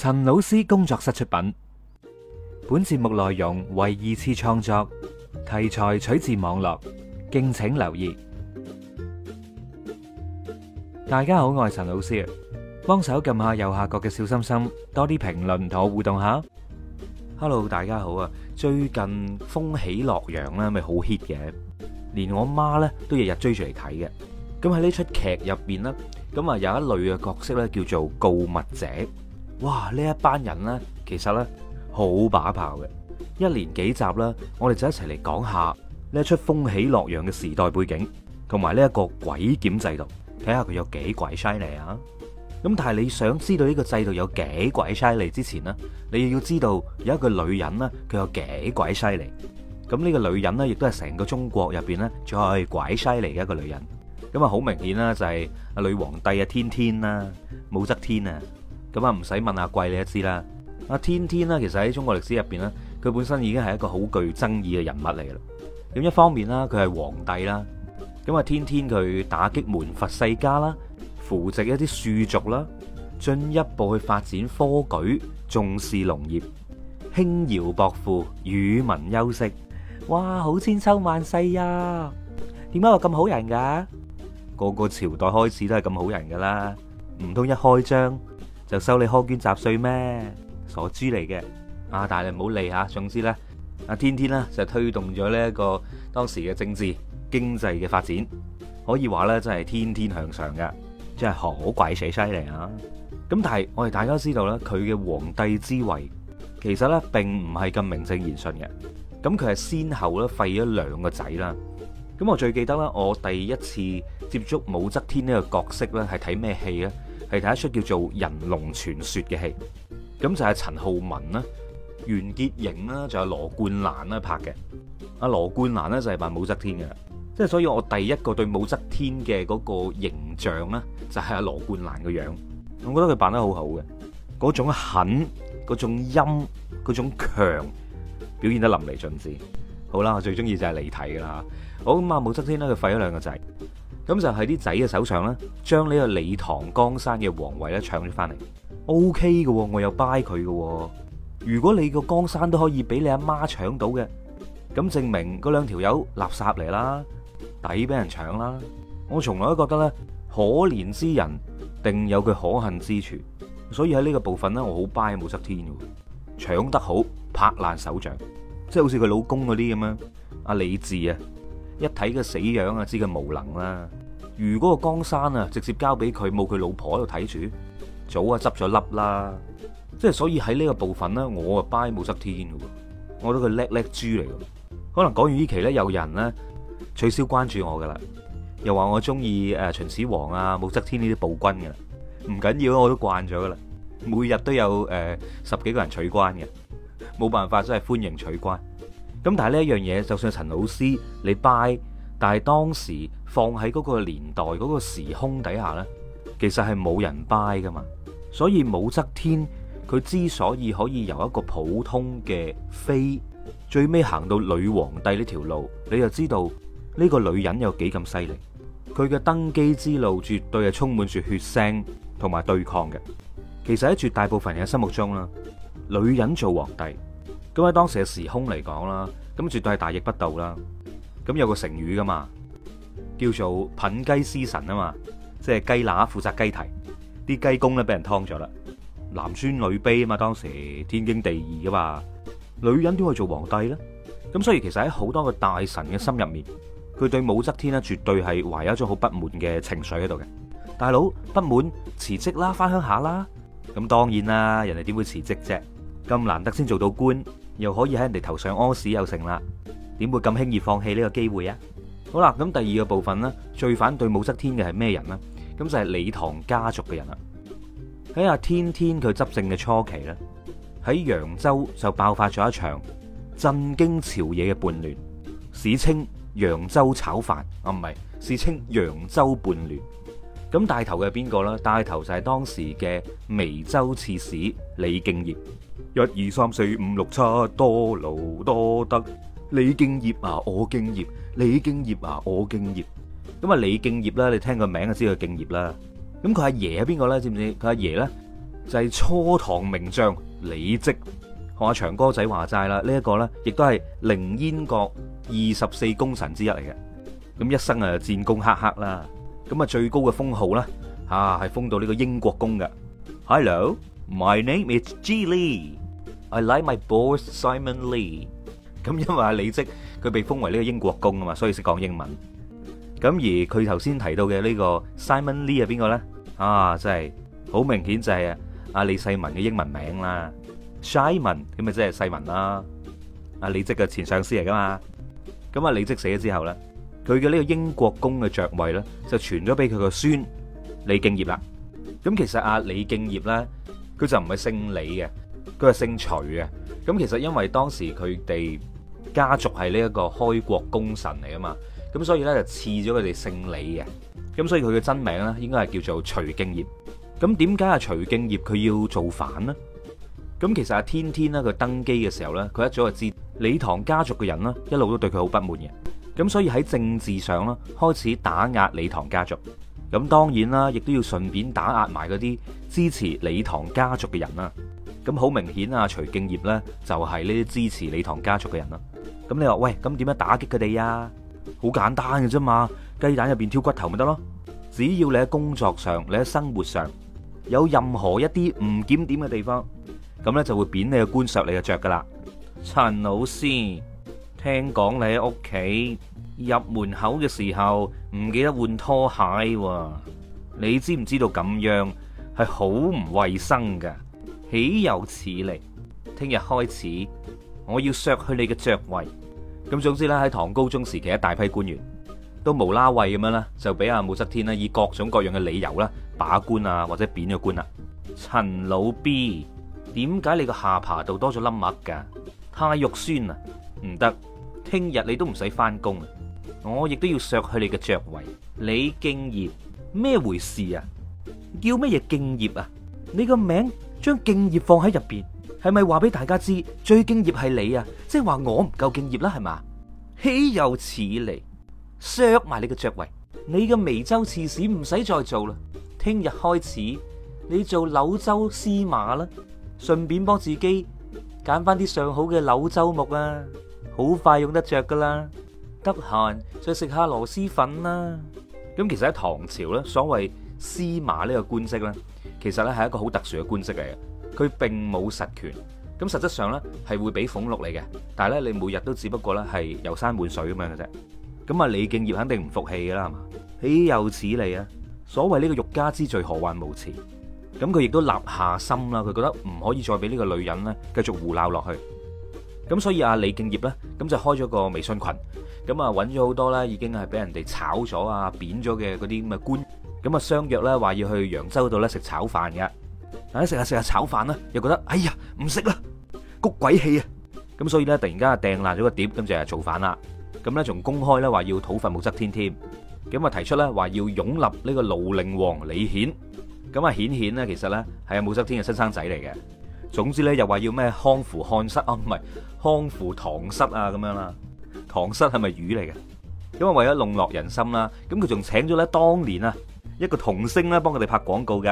陳老師工作室出品，本節目內容為二次創作，題材取自網絡，敬請留意。大家好，我係陳老師，幫手撳下右下角嘅小心心，多啲評論同我互動下。Hello，大家好啊！最近《風起洛陽》咧，咪好 hit 嘅，連我媽咧都日日追住嚟睇嘅。咁喺呢出劇入邊咧，咁啊有一類嘅角色咧叫做告密者。哇！呢一班人咧，其實咧好把炮嘅，一連幾集啦，我哋就一齊嚟講下呢一出《風起洛陽》嘅時代背景，同埋呢一個鬼檢制度，睇下佢有幾鬼犀利啊！咁但係你想知道呢個制度有幾鬼犀利之前咧，你要知道有一個女人咧，佢有幾鬼犀利。咁呢個女人咧，亦都係成個中國入邊咧，最鬼犀利嘅一個女人。咁啊，好明顯啦，就係啊女皇帝啊天天啦，武則天啊。咁啊，唔使問阿貴你都知啦。阿天天咧，其實喺中國歷史入邊咧，佢本身已經係一個好具爭議嘅人物嚟嘅。咁一方面啦，佢係皇帝啦。咁啊，天天佢打擊門閥世家啦，扶植一啲庶族啦，進一步去發展科舉，重視農業，輕徭薄賦，與民休息。哇，好千秋萬世啊！點解我咁好人㗎？個個朝代開始都係咁好人㗎啦，唔通一開張，就收你苛捐雜稅咩？傻豬嚟嘅，啊！但係唔好理吓，總之咧，天天啦就推動咗呢一個當時嘅政治經濟嘅發展，可以話咧真係天天向上嘅，真係好鬼死犀利啊！咁但係我哋大家知道咧，佢嘅皇帝之位其實咧並唔係咁名正言順嘅，咁佢係先後咧廢咗兩個仔啦。咁我最記得啦，我第一次接觸武則天呢個角色咧係睇咩戲咧？係睇一出叫做《人龍傳説》嘅戲，咁就係陳浩文啦、袁潔瑩啦，仲有羅冠蘭啦拍嘅。阿羅冠蘭咧就係扮武則天嘅，即係所以我第一個對武則天嘅嗰個形象咧，就係阿羅冠蘭嘅樣子。我覺得佢扮得很好好嘅，嗰種狠、嗰種陰、嗰種、種強，表現得淋漓盡致。好啦，我最中意就係離題嘅啦。好咁啊，武則天咧，佢廢咗兩個仔。咁就喺啲仔嘅手上啦，將呢個李唐江山嘅皇位咧搶咗翻嚟，OK 嘅，我又掰佢嘅。如果你個江山都可以俾你阿媽搶到嘅，咁證明嗰兩條友垃圾嚟啦，抵俾人搶啦。我從來都覺得咧，可憐之人定有佢可恨之處，所以喺呢個部分咧，我好掰武則天嘅，搶得好，拍爛手掌，即係好似佢老公嗰啲咁樣，阿李治啊。一睇個死樣啊，知佢無能啦。如果個江山啊，直接交俾佢，冇佢老婆喺度睇住，早啊執咗笠啦。即係所以喺呢個部分咧，我啊 buy 武則天嘅喎，我覺得佢叻叻豬嚟嘅。可能講完呢期咧，有人咧取消關注我噶啦，又話我中意誒秦始皇啊、武則天呢啲暴君嘅啦。唔緊要，我都慣咗噶啦。每日都有誒十幾個人取關嘅，冇辦法，真係歡迎取關。咁但係呢一樣嘢，就算陳老師你拜，但係當時放喺嗰個年代，嗰個時空底下呢，其實係冇人拜噶嘛。所以武則天佢之所以可以由一個普通嘅妃，最尾行到女皇帝呢條路，你就知道呢個女人有幾咁犀利。佢嘅登基之路絕對係充滿住血腥同埋對抗嘅。其實喺絕大部分人嘅心目中啦，女人做皇帝，都喺當時嘅時空嚟講啦，咁絕對係大逆不道啦。咁有個成語噶嘛，叫做牝雞司晨啊嘛，即係雞乸負責雞啼，啲雞公咧俾人劏咗啦。男尊女卑啊嘛，當時天經地義噶嘛，女人都可以做皇帝啦。咁所以其實喺好多個大臣嘅心入面，佢對武則天呢絕對係懷有一種好不滿嘅情緒喺度嘅。大佬不滿辭職啦，翻鄉下啦。咁當然啦，人哋點會辭職啫？咁難得先做到官。又可以喺人哋頭上屙屎又成啦，點會咁輕易放棄呢個機會啊？好啦，咁第二個部分呢，最反對武則天嘅係咩人呢？咁就係李唐家族嘅人啦。喺阿天天佢執政嘅初期呢，喺揚州就爆發咗一場震驚朝野嘅叛亂，史稱揚州炒飯啊，唔係，史稱揚州叛亂。咁帶頭嘅邊個呢？帶頭就係當時嘅眉州刺史李敬業。一二三四五六七，多勞多得。李敬業啊，我敬業。李敬業啊，我敬業。咁啊，李敬業啦，你聽個名就知道佢敬業啦。咁佢阿爺係邊個咧？知唔知佢阿爺咧？就係初唐名將李績。我阿長哥仔話齋啦，呢一個咧，亦都係凌煙閣二十四功臣之一嚟嘅。咁一生啊，戰功赫赫啦。咁啊，最高嘅封號咧，啊係封到呢個英國公嘅。Hello。My name is G Lee. I like my boss Simon Lee。咁因為阿李勣佢被封為呢個英國公啊嘛，所以識講英文。咁而佢頭先提到嘅呢個 Simon Lee 係邊個咧？啊，真係好明顯就係阿阿李世民嘅英文名啦。Simon 咁咪即係世民啦。阿李勣嘅前上司嚟㗎嘛？咁啊，李勣死咗之後咧，佢嘅呢個英國公嘅爵位咧就傳咗俾佢個孫李敬業啦。咁其實阿李敬業咧。佢就唔係姓李嘅，佢係姓徐嘅。咁其實因為當時佢哋家族係呢一個開國功臣嚟噶嘛，咁所以呢就賜咗佢哋姓李嘅。咁所以佢嘅真名呢應該係叫做徐敬業。咁點解啊徐敬業佢要造反呢？咁其實啊天天咧、啊、佢登基嘅時候呢，佢一早就知李唐家族嘅人呢一路都對佢好不滿嘅。咁所以喺政治上呢，開始打壓李唐家族。咁當然啦，亦都要順便打壓埋嗰啲支持李唐家族嘅人啦。咁好明顯啊，徐敬業呢就係呢啲支持李唐家族嘅人啦。咁你話喂，咁點樣打擊佢哋啊？好簡單嘅啫嘛，雞蛋入面挑骨頭咪得咯。只要你喺工作上，你喺生活上有任何一啲唔檢點嘅地方，咁呢就會貶你嘅官爵，你嘅着噶啦。陳老師。聽講你喺屋企入門口嘅時候唔記得換拖鞋喎？你知唔知道咁樣係好唔衞生噶？豈有此理！聽日開始我要削去你嘅爵位。咁總之咧，喺唐高宗時期，一大批官員都無啦喂咁樣啦，就俾阿武則天咧以各種各樣嘅理由啦，把官啊或者貶咗官啦。陳老 B 點解你個下巴度多咗粒嘜㗎？太肉酸啦！唔得，聽日你都唔使翻工啊！我亦都要削去你嘅爵位。你敬業，咩回事啊？叫乜嘢敬業啊？你個名將敬業放喺入邊，係咪話俾大家知最敬業係你啊？即係話我唔夠敬業啦，係嘛？豈有此理！削埋你嘅爵位，你嘅眉州刺史唔使再做啦。聽日開始，你做柳州司馬啦，順便幫自己揀翻啲上好嘅柳州木啊！好快用得著噶啦，得閒再食下螺螄粉啦。咁其實喺唐朝呢，所謂司馬呢個官職呢，其實呢係一個好特殊嘅官職嚟嘅，佢並冇實權。咁實質上呢係會俾俸禄你嘅，但係呢你每日都只不過呢係遊山玩水咁樣嘅啫。咁啊，李敬業肯定唔服氣噶啦，係嘛？豈有此理啊！所謂呢個欲加之罪何患無辭。咁佢亦都立下心啦，佢覺得唔可以再俾呢個女人呢繼續胡鬧落去。咁所以阿李敬業咧，咁就開咗個微信群，咁啊揾咗好多咧，已經係俾人哋炒咗啊、貶咗嘅嗰啲咁嘅官，咁啊相約咧，話要去揚州嗰度咧食炒飯嘅，大家食下食下炒飯啦，又覺得哎呀唔食啦，谷鬼氣啊！咁所以咧突然間啊掟爛咗個碟，咁就係造反啦，咁咧，仲公開咧，話要討伐武則天添，咁啊提出咧，話要擁立呢個廬陵王李顯，咁啊顯顯咧，其實咧係武則天嘅親生仔嚟嘅。總之咧，又話要咩康扶漢室啊，唔係康扶唐室啊，咁樣啦。唐室係咪魚嚟嘅？因為為咗籠絡人心啦，咁佢仲請咗咧當年啊一個童星咧幫佢哋拍廣告噶。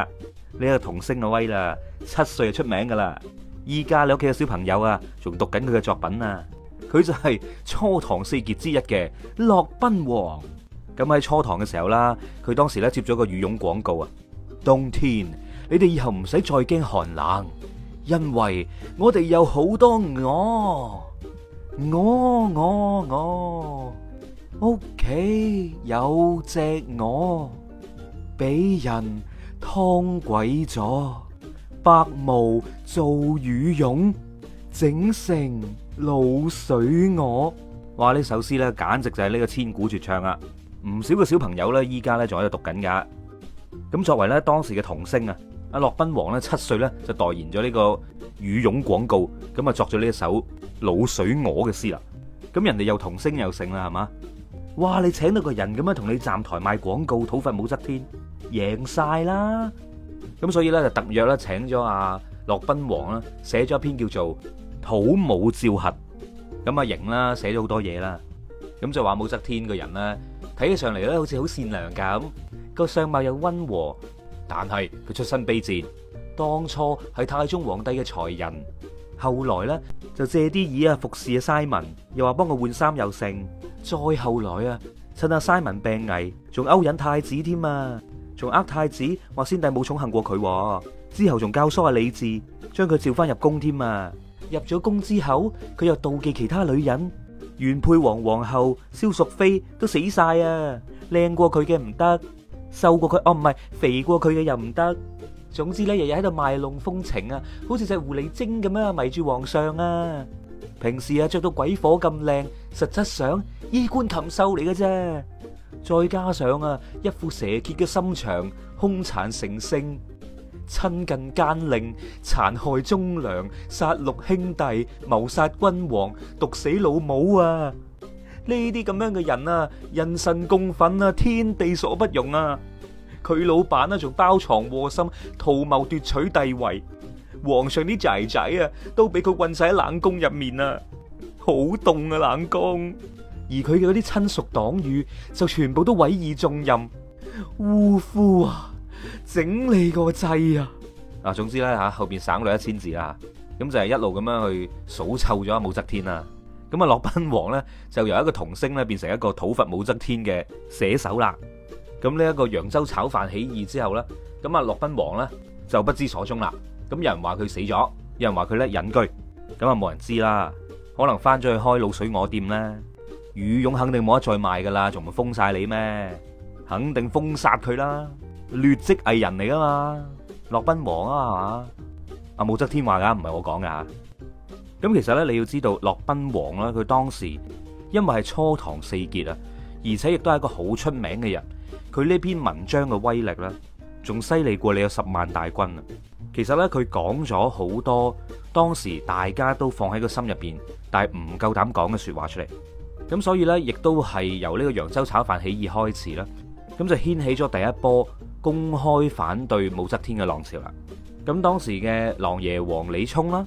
呢個童星嘅威啦，七歲就出名噶啦，依家你屋企嘅小朋友啊，仲讀緊佢嘅作品啊。佢就係初唐四傑之一嘅駱賓王。咁喺初唐嘅時候啦，佢當時咧接咗個羽絨廣告啊。冬天，你哋以後唔使再驚寒冷。因為我哋有好多鵝，鵝鵝鵝屋企有隻鵝，俾人劏鬼咗，白毛做羽絨，整成滷水鵝。哇！呢首詩咧，簡直就係呢個千古絕唱啊！唔少嘅小朋友咧，依家咧仲喺度讀緊噶。咁作為咧當時嘅童星啊！阿駱賓王咧七歲咧就代言咗呢個羽絨廣告，咁啊作咗呢一首《滷水鵝》嘅詩啦。咁人哋又童星又成啦，係嘛？哇！你請到個人咁樣同你站台賣廣告，討伐武則天，贏晒啦！咁所以咧就特約咧請咗阿駱賓王啦，寫咗一篇叫做《討武曌檄》，咁啊，型啦，寫咗好多嘢啦。咁就話武則天個人咧，睇起上嚟咧好似好善良噶，咁個相貌又溫和。但係佢出身卑賤，當初係太宗皇帝嘅才人，後來呢，就借啲耳啊服侍阿 Simon，又話幫佢換衫又剩，再後來啊趁阿 Simon 病危，仲勾引太子添啊，仲呃太子話先帝冇寵幸過佢，之後仲教唆阿李治將佢召翻入宮添啊，入咗宮之後佢又妒忌其他女人，原配王皇后蕭淑妃都死晒啊，靚過佢嘅唔得。瘦過佢哦，唔係肥過佢嘅又唔得。總之你日日喺度賣弄風情啊，好似隻狐狸精咁樣，迷住皇上啊。平時啊着到鬼火咁靚，實質上衣冠禽獸嚟嘅啫。再加上啊一副蛇蠍嘅心腸，凶殘成性，親近奸佞，殘害忠良，殺戮兄弟，謀殺君王，毒死老母啊！呢啲咁樣嘅人啊，人神共憤啊，天地所不容啊！佢老闆啊，仲包藏禍心，圖謀奪取帝位。皇上啲仔仔啊，都俾佢韞晒喺冷宮入面啊，好凍啊冷宮。而佢嘅啲親屬黨羽，就全部都委以重任。嗚呼啊！整你個掣啊！嗱，總之咧吓，後邊省略一千字啦，咁就係一路咁樣去數臭咗武則天啦。咁啊，駱賓王咧就由一個童星咧變成一個討伐武則天嘅寫手啦。咁呢一個揚州炒飯起義之後咧，咁啊駱賓王咧就不知所蹤啦。咁有人話佢死咗，有人話佢咧隱居，咁啊冇人知啦。可能翻咗去開滷水鵝店咧，羽絨肯定冇得再賣噶啦，仲唔封晒你咩？肯定封殺佢啦，劣跡藝人嚟噶嘛，駱賓王啊係嘛？阿武則天話噶，唔係我講噶吓。咁其實呢，你要知道，駱賓王呢，佢當時因為係初唐四傑啊，而且亦都係一個好出名嘅人，佢呢篇文章嘅威力呢，仲犀利過你有十萬大軍啊！其實呢，佢講咗好多當時大家都放喺個心入邊但係唔夠膽講嘅說話出嚟。咁所以呢，亦都係由呢個揚州炒飯起義開始啦，咁就掀起咗第一波公開反對武則天嘅浪潮啦。咁當時嘅狼爺王李聰啦。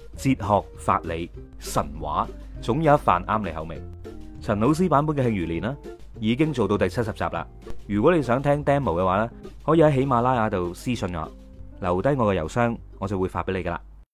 哲學、法理、神話，總有一番啱你口味。陳老師版本嘅慶餘年已經做到第七十集啦。如果你想聽 demo 嘅話呢，可以喺喜馬拉雅度私信我，留低我嘅郵箱，我就會發俾你噶啦。